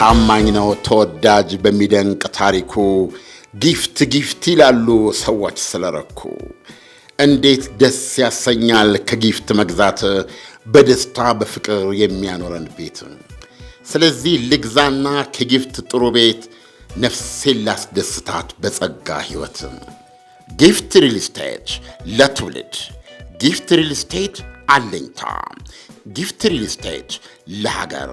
ታማኝ ነው ተወዳጅ በሚደንቅ ታሪኩ ጊፍት ጊፍት ይላሉ ሰዎች ስለረኩ። እንዴት ደስ ያሰኛል ከጊፍት መግዛት በደስታ በፍቅር የሚያኖረን ቤት። ስለዚህ ልግዛና ከጊፍት ጥሩ ቤት ነፍሴን ላስደስታት በጸጋ ሕይወት። ጊፍት ሪል ስቴት ለትውልድ ጊፍት ሪል ስቴት አለኝታ ጊፍት ሪል ስቴት ለሀገር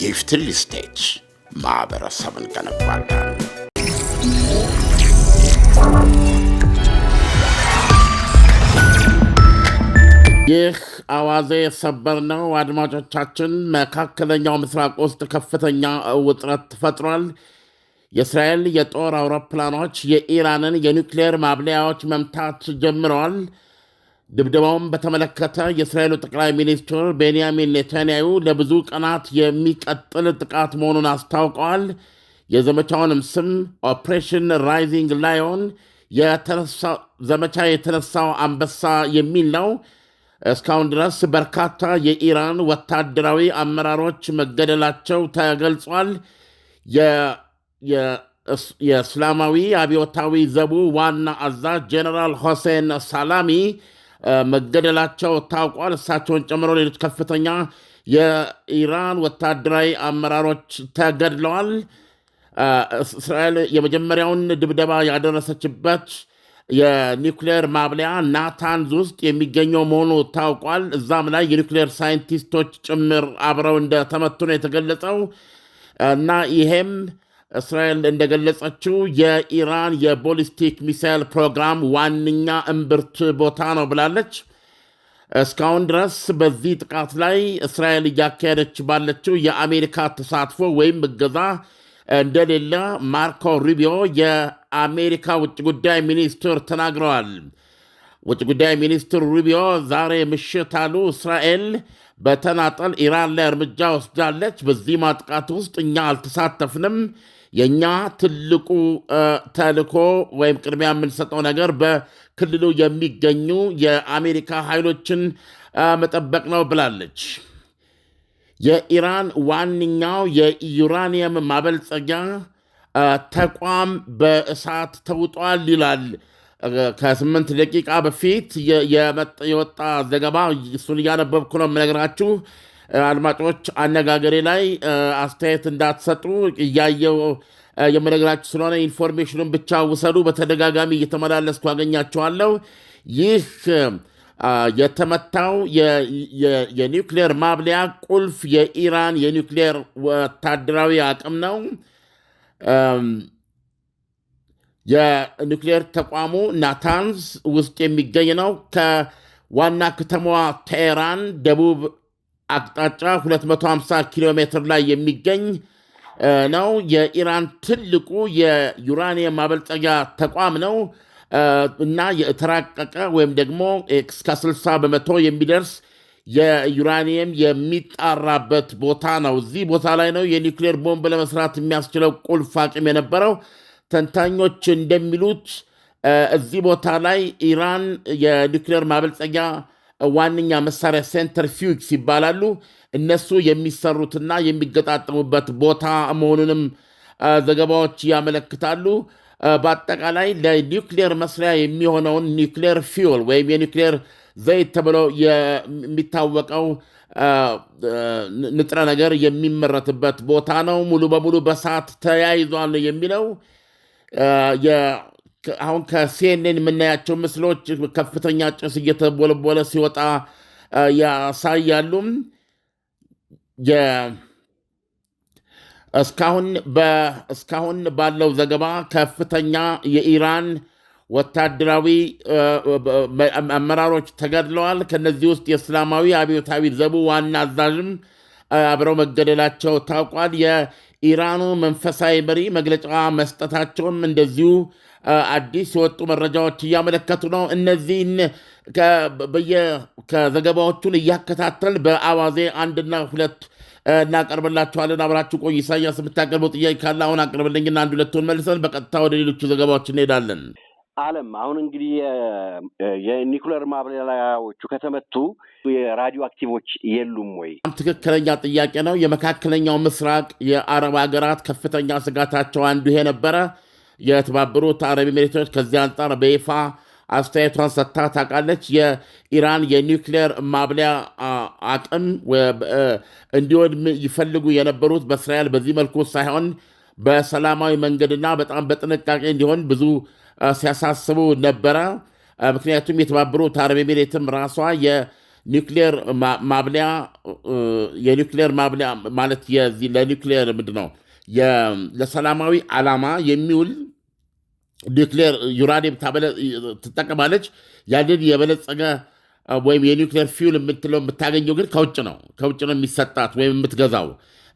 ጊፍትል ስቴት ማህበረሰብን ገነባለን። ይህ አዋዜ የሰበር ነው አድማጮቻችን። መካከለኛው ምስራቅ ውስጥ ከፍተኛ ውጥረት ተፈጥሯል። የእስራኤል የጦር አውሮፕላኖች የኢራንን የኒውክሌር ማብለያዎች መምታት ጀምረዋል። ድብደባውን በተመለከተ የእስራኤሉ ጠቅላይ ሚኒስትር ቤንያሚን ኔታንያሁ ለብዙ ቀናት የሚቀጥል ጥቃት መሆኑን አስታውቀዋል። የዘመቻውንም ስም ኦፕሬሽን ራይዚንግ ላዮን ዘመቻ የተነሳው አንበሳ የሚል ነው። እስካሁን ድረስ በርካታ የኢራን ወታደራዊ አመራሮች መገደላቸው ተገልጿል። የእስላማዊ አብዮታዊ ዘቡ ዋና አዛዥ ጀነራል ሆሴን ሳላሚ መገደላቸው ታውቋል። እሳቸውን ጨምሮ ሌሎች ከፍተኛ የኢራን ወታደራዊ አመራሮች ተገድለዋል። እስራኤል የመጀመሪያውን ድብደባ ያደረሰችበት የኒውክሌር ማብለያ ናታንዝ ውስጥ የሚገኘው መሆኑ ታውቋል። እዛም ላይ የኒውክሌር ሳይንቲስቶች ጭምር አብረው እንደተመቱ ነው የተገለጸው እና ይሄም እስራኤል እንደገለጸችው የኢራን የቦሊስቲክ ሚሳይል ፕሮግራም ዋነኛ እምብርት ቦታ ነው ብላለች። እስካሁን ድረስ በዚህ ጥቃት ላይ እስራኤል እያካሄደች ባለችው የአሜሪካ ተሳትፎ ወይም እገዛ እንደሌለ ማርኮ ሩቢዮ የአሜሪካ ውጭ ጉዳይ ሚኒስትር ተናግረዋል። ውጭ ጉዳይ ሚኒስትር ሩቢዮ ዛሬ ምሽት አሉ እስራኤል በተናጠል ኢራን ላይ እርምጃ ወስዳለች። በዚህ ማጥቃት ውስጥ እኛ አልተሳተፍንም፣ የእኛ ትልቁ ተልኮ ወይም ቅድሚያ የምንሰጠው ነገር በክልሉ የሚገኙ የአሜሪካ ኃይሎችን መጠበቅ ነው ብላለች። የኢራን ዋነኛው የዩራኒየም ማበልጸጊያ ተቋም በእሳት ተውጧል ይላል ከስምንት ደቂቃ በፊት የወጣ ዘገባ። እሱን እያነበብኩ ነው የምነግራችሁ። አድማጮች አነጋገሬ ላይ አስተያየት እንዳትሰጡ እያየው የምነግራችሁ ስለሆነ ኢንፎርሜሽኑን ብቻ ውሰዱ። በተደጋጋሚ እየተመላለስኩ አገኛችኋለሁ። ይህ የተመታው የኒውክሌር ማብለያ ቁልፍ የኢራን የኒውክሌር ወታደራዊ አቅም ነው። የኒውክሌር ተቋሙ ናታንዝ ውስጥ የሚገኝ ነው። ከዋና ከተማዋ ቴሄራን ደቡብ አቅጣጫ 250 ኪሎ ሜትር ላይ የሚገኝ ነው። የኢራን ትልቁ የዩራኒየም ማበልጸጊያ ተቋም ነው እና የተራቀቀ ወይም ደግሞ እስከ 60 በመቶ የሚደርስ የዩራኒየም የሚጣራበት ቦታ ነው። እዚህ ቦታ ላይ ነው የኒውክሌር ቦምብ ለመስራት የሚያስችለው ቁልፍ አቅም የነበረው። ተንታኞች እንደሚሉት እዚህ ቦታ ላይ ኢራን የኒውክሌር ማበልጸጊያ ዋነኛ መሳሪያ ሴንትሪፊውጅስ ይባላሉ። እነሱ የሚሰሩትና የሚገጣጠሙበት ቦታ መሆኑንም ዘገባዎች ያመለክታሉ። በአጠቃላይ ለኒውክሌር መስሪያ የሚሆነውን ኒውክሌር ፊውል ወይም የኒውክሌር ዘይት ተብሎ የሚታወቀው ንጥረ ነገር የሚመረትበት ቦታ ነው። ሙሉ በሙሉ በሰዓት ተያይዟል የሚለው አሁን ከሲኤንኤን የምናያቸው ምስሎች ከፍተኛ ጭስ እየተቦለቦለ ሲወጣ ያሳያሉ። እስካሁን ባለው ዘገባ ከፍተኛ የኢራን ወታደራዊ አመራሮች ተገድለዋል። ከነዚህ ውስጥ የእስላማዊ አብዮታዊ ዘቡ ዋና አዛዥም አብረው መገደላቸው ታውቋል። ኢራኑ መንፈሳዊ መሪ መግለጫ መስጠታቸውም እንደዚሁ አዲስ የወጡ መረጃዎች እያመለከቱ ነው። እነዚህን ከዘገባዎቹን እያከታተል በአዋዜ አንድና ሁለት እናቀርብላችኋለን። አብራችሁ ቆይ። ኢሳያስ የምታቀርበው ጥያቄ ካለ አሁን አቅርብልኝና አንድ ሁለቱን መልሰን በቀጥታ ወደ ሌሎቹ ዘገባዎች እንሄዳለን። አለም አሁን እንግዲህ የኒኩለር ማብላያዎቹ ከተመቱ የራዲዮ አክቲቮች የሉም ወይ? ትክክለኛ ጥያቄ ነው። የመካከለኛው ምስራቅ የአረብ ሀገራት ከፍተኛ ስጋታቸው አንዱ ይሄ ነበረ። የተባበሩት አረብ ኤሚሬቶች ከዚህ አንጻር በይፋ አስተያየቷን ሰጥታ ታውቃለች። የኢራን የኒውክሌር ማብለያ አቅም እንዲወድም ይፈልጉ የነበሩት በእስራኤል በዚህ መልኩ ሳይሆን በሰላማዊ መንገድና በጣም በጥንቃቄ እንዲሆን ብዙ ሲያሳስቡ ነበረ። ምክንያቱም የተባበሩት አረብ ኤሚሬትም ራሷ የኒክሌር ማብለያ የኒውክሌር ማብለያ ማለት ለኒክሌር ምንድን ነው ለሰላማዊ ዓላማ የሚውል ኒክሌር ዩራኒየም ትጠቀማለች። ያንን የበለጸገ ወይም የኒክሌር ፊውል የምትለው የምታገኘው ግን ከውጭ ነው ከውጭ ነው የሚሰጣት ወይም የምትገዛው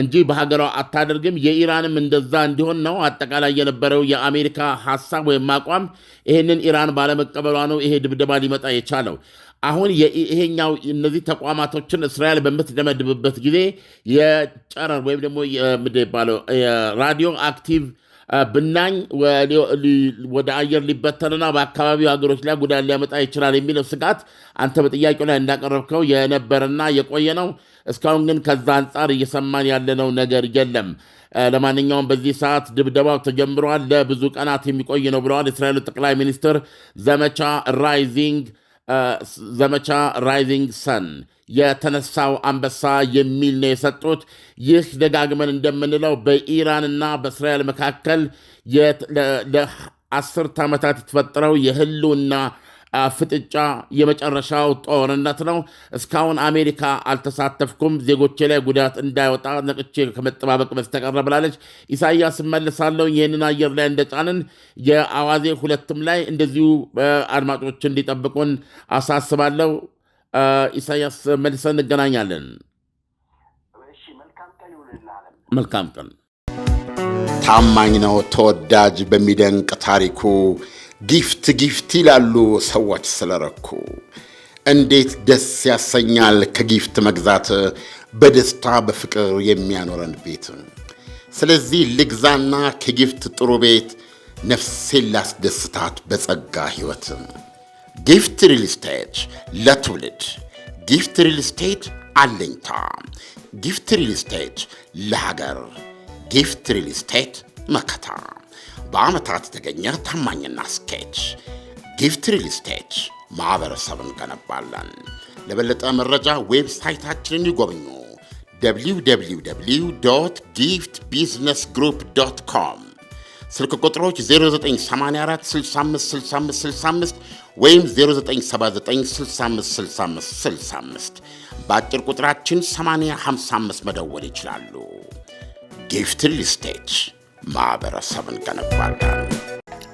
እንጂ በሀገሯ አታደርግም። የኢራንም እንደዛ እንዲሆን ነው አጠቃላይ የነበረው የአሜሪካ ሀሳብ ወይም አቋም። ይህንን ኢራን ባለመቀበሏ ነው ይሄ ድብደባ ሊመጣ የቻለው። አሁን ይሄኛው እነዚህ ተቋማቶችን እስራኤል በምትደመድብበት ጊዜ የጨረር ወይም ደግሞ ምንድን ራዲዮ አክቲቭ ብናኝ ወደ አየር ሊበተንና በአካባቢው ሀገሮች ላይ ጉዳት ሊያመጣ ይችላል የሚለው ስጋት አንተ በጥያቄው ላይ እንዳቀረብከው የነበረና የቆየ ነው። እስካሁን ግን ከዛ አንጻር እየሰማን ያለነው ነገር የለም። ለማንኛውም በዚህ ሰዓት ድብደባው ተጀምረዋል፣ ለብዙ ቀናት የሚቆይ ነው ብለዋል የእስራኤሉ ጠቅላይ ሚኒስትር ዘመቻ ራይዚንግ ዘመቻ ራይዚንግ ሰን የተነሳው አንበሳ የሚል ነው የሰጡት። ይህ ደጋግመን እንደምንለው በኢራንና በእስራኤል መካከል ለአስርት ዓመታት የተፈጠረው የህልውና ፍጥጫ የመጨረሻው ጦርነት ነው። እስካሁን አሜሪካ አልተሳተፍኩም፣ ዜጎቼ ላይ ጉዳት እንዳይወጣ ነቅቼ ከመጠባበቅ በስተቀረ ብላለች። ኢሳያስ መልሳለሁ። ይህንን አየር ላይ እንደጫንን የአዋዜ ሁለትም ላይ እንደዚሁ አድማጮች እንዲጠብቁን አሳስባለሁ። ኢሳያስ መልሰን እንገናኛለን። መልካም ቀን። ታማኝ ነው ተወዳጅ በሚደንቅ ታሪኩ ጊፍት ጊፍት ይላሉ ሰዎች ስለረኩ እንዴት ደስ ያሰኛል ከጊፍት መግዛት በደስታ በፍቅር የሚያኖረን ቤት። ስለዚህ ልግዛና ከጊፍት ጥሩ ቤት ነፍሴን ላስደስታት በጸጋ ሕይወት። ጊፍት ሪል ስቴት ለትውልድ ጊፍት ሪል ስቴት አለኝታ፣ ጊፍት ሪል ስቴት ለሀገር፣ ጊፍት ሪል ስቴት መከታ በዓመታት የተገኘ ታማኝና ስኬች ጊፍት ሪል ስቴት ገነባለን እንገነባለን። ለበለጠ መረጃ ዌብሳይታችንን ይጎብኙ፣ www ጊፍት ቢዝነስ ግሩፕ ዶት ኮም። ስልክ ቁጥሮች 0984656565 ወይም 0979656565 በአጭር ቁጥራችን 855 መደወል ይችላሉ። ጊፍት ሪል ስቴት ማኅበረሰብን ገነባለን።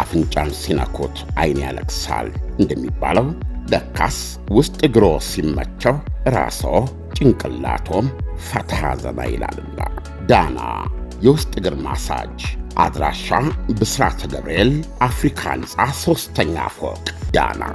አፍንጫን ሲነኩት አይን ያለቅሳል እንደሚባለው ለካስ ውስጥ እግሮ ሲመቸው ራስዎ ጭንቅላቶም ፈታ ዘና ይላልና ዳና የውስጥ እግር ማሳጅ አድራሻ ብስራተ ገብርኤል አፍሪካ ሕንፃ ሦስተኛ ፎቅ ዳና